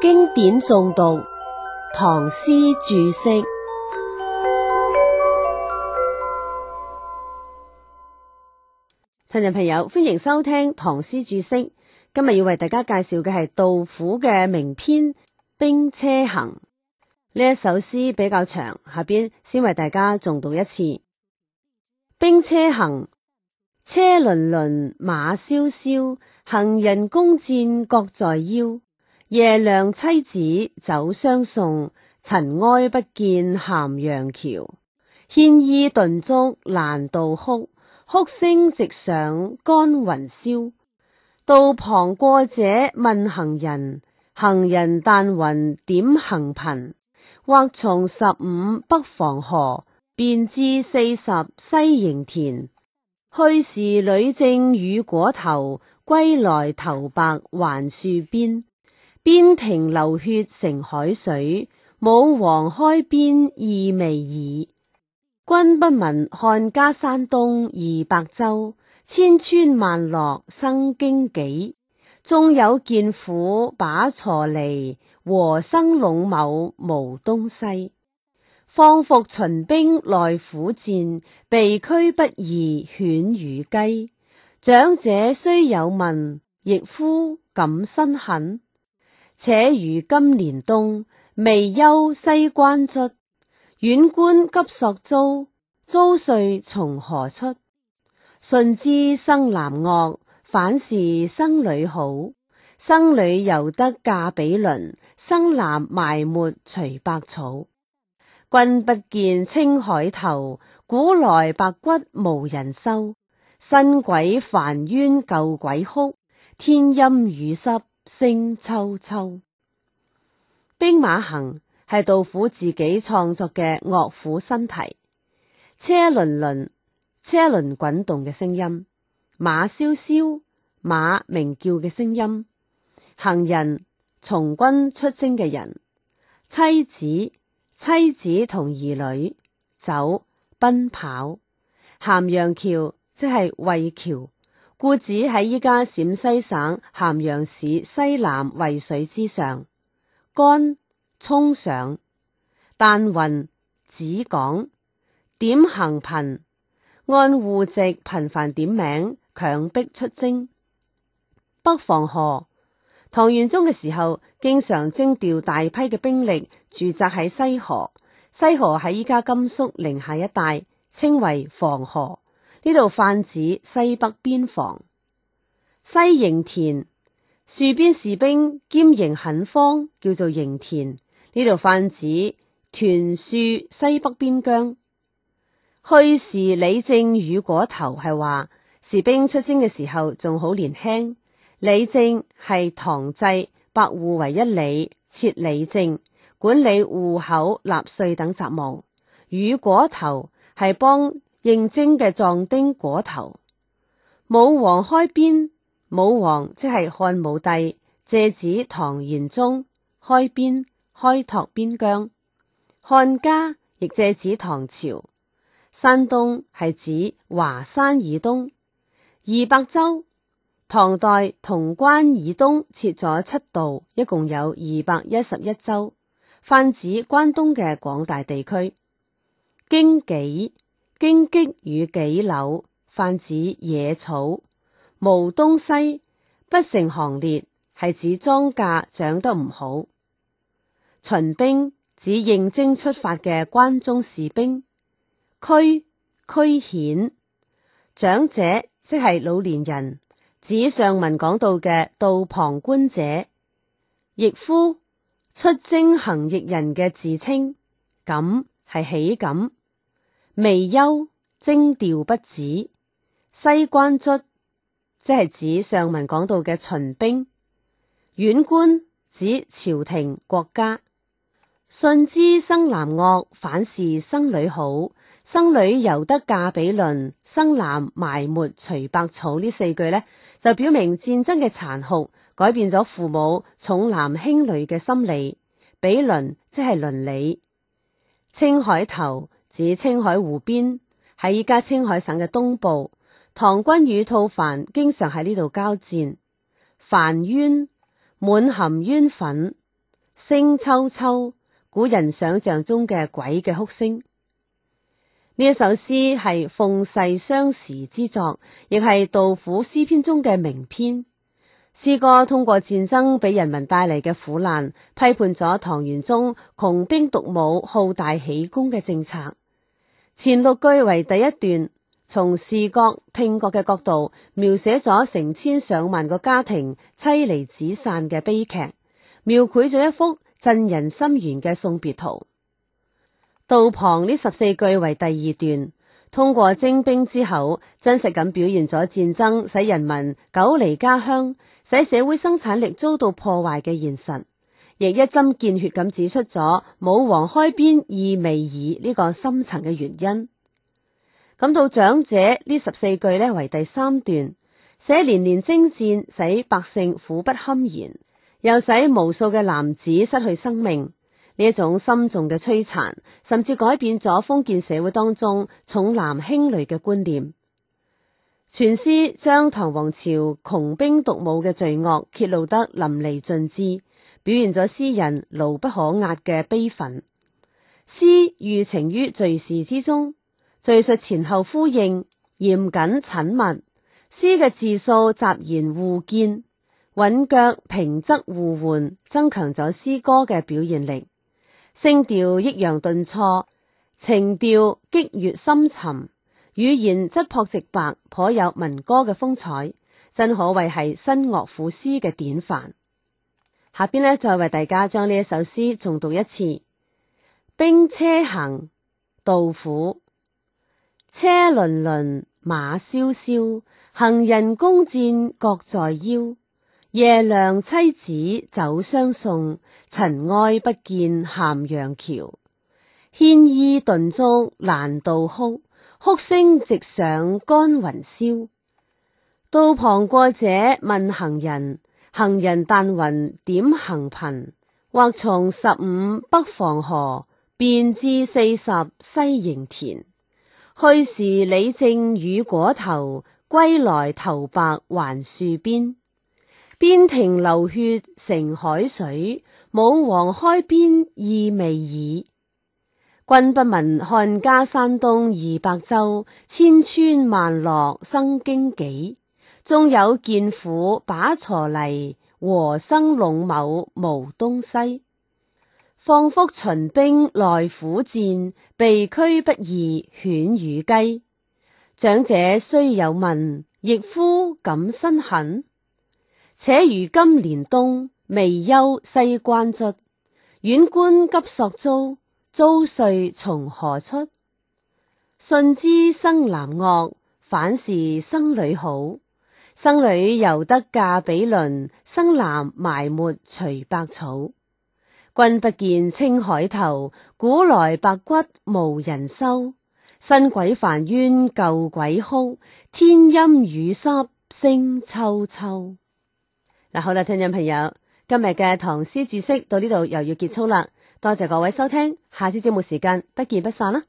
經典誦讀，唐詩注釋。聽眾朋友，歡迎收聽唐詩注釋。今日要為大家介紹嘅係杜甫嘅名篇《兵車行》。呢一首詩比較長，下邊先為大家誦讀一次《兵車行》。車轔轔，馬蕭蕭，行人弓箭各在腰。耶娘，妻子走相送，塵埃不見咸陽橋。牽衣頓足攔道哭，哭聲直上干雲霄。道旁過者問行人，行人但云點行頻。或從十五北防河，便至四十西營田。去時里正與裹頭，歸來頭白還戍邊。邊庭流血成海水，武皇開邊意未已。君不聞，漢家山東二百州，千村萬落生荊棘。縱有健婦把鋤犁，禾生隴畝無東西。況復秦兵耐苦戰，被驅不異犬如雞。長者雖有問，役夫敢申恨？且如今年冬，未休西關卒，遠官急索租，租稅從何出？順知生男惡，反是生女好。生女猶得嫁比鄰，生男埋沒隨百草。君不見青海頭，古來白骨無人收。新鬼煩冤舊鬼哭，天陰雨濕。聲啾啾，兵馬行係杜甫自己創作嘅樂府新題。車輪輪，車輪滾動嘅聲音；馬蕭蕭，馬鳴叫嘅聲音。行人從軍出征嘅人，妻子、妻子同兒女走奔跑。咸陽橋即係渭橋。故址喺依家陝西省咸陽市西南渭水之上。干衝上但云只講點行頻，按戶籍頻繁點名強迫出征北防河。唐玄宗嘅時候，經常徵調大批嘅兵力駐紮喺西河。西河喺依家甘肅寧夏一帶，稱為防河。呢度泛指西北邊防，西營田，戍邊士兵兼營墾荒，叫做營田。呢度泛指屯戍西北邊疆。去時里正與裹頭，係話士兵出征嘅時候仲好年輕。里正係唐制，百戶為一里，設里正管理戶口、納稅等雜務。與裹頭係幫。應徵嘅壯丁裹頭。武皇開邊，武皇即係漢武帝，借指唐玄宗開邊開拓邊疆。漢家亦借指唐朝。山東係指華山以東二百州，唐代潼關以東設咗七道，一共有二百一十一州，泛指關東嘅廣大地區。京幾？荊棘與杞柳，泛指野草；無東西不成行列，係指莊稼長得唔好。秦兵指應徵出發嘅關中士兵。區區顯長者，即係老年人，指上文講到嘅道旁觀者。役夫出征行役人嘅自稱，敢係豈敢。未休，征調不止。西關卒即係指上文講到嘅秦兵。縣官指朝廷國家。信知生男惡，反是生女好。生女猶得嫁比鄰，生男埋沒隨百草。呢四句呢，就表明戰爭嘅殘酷，改變咗父母重男輕女嘅心理。比鄰即係倫理。青海頭。指青海湖邊，喺依家青海省嘅東部，唐軍與吐蕃經常喺呢度交戰。煩冤滿含冤憤，聲啾啾，古人想象中嘅鬼嘅哭聲。呢一首詩係諷世傷時之作，亦係杜甫詩篇中嘅名篇。詩歌通過戰爭俾人民帶嚟嘅苦難，批判咗唐玄宗窮兵黷武、好大喜功嘅政策。前六句為第一段，從視覺、聽覺嘅角度描寫咗成千上萬個家庭妻離子散嘅悲劇，描繪咗一幅震人心弦嘅送別圖。道旁呢十四句為第二段。通過徵兵之後，真實咁表現咗戰爭使人民久離家鄉，使社會生產力遭到破壞嘅現實，亦一針見血咁指出咗武皇開邊意未已呢個深層嘅原因。咁到長者呢十四句呢，為第三段，寫連年征戰，使百姓苦不堪言，又使無數嘅男子失去生命。呢一種深重嘅摧殘，甚至改變咗封建社會當中重男輕女嘅觀念。全詩將唐王朝窮兵黷武嘅罪惡揭露得淋漓盡致，表現咗詩人牢不可壓嘅悲憤。詩寓情於敘事之中，敘述前後呼應，嚴謹縝密。詩嘅字數雜言互見，韻腳平仄互換，增強咗詩歌嘅表現力。聲調抑揚頓挫，情調激越深沉，語言質樸直白，頗有民歌嘅風采，真可謂係新樂府詩嘅典範。下邊呢，再為大家將呢一首詩重讀一次。《兵車行》杜甫：車輪輪馬蕭蕭，行人弓箭各在腰。爺娘，妻子走相送，塵埃不見咸陽橋。牽衣頓足攔道哭，哭聲直上干雲霄。道旁過者問行人，行人但雲點行頻。或從十五北防河，便至四十西營田。去時里正與裹頭，歸來頭白還戍邊。邊庭流血成海水，武皇開邊意未已。君不聞漢家山東二百州，千村萬落生荊杞。終有健婦把鋤犁，禾生隴畝無東西。況復秦兵耐苦戰，被驅不異犬與雞。長者雖有問，役夫敢申恨？且如今年冬未休，西關卒，縣官急索租，租稅從何出？信知生男惡，反是生女好。生女猶得嫁比鄰，生男埋沒隨百草。君不見青海頭，古來白骨無人收。新鬼煩冤舊鬼哭，天陰雨濕聲啾啾。嗱，好啦，聽眾朋友，今日嘅唐詩注釋到呢度又要結束啦。多謝各位收聽，下次節目時間不見不散啦。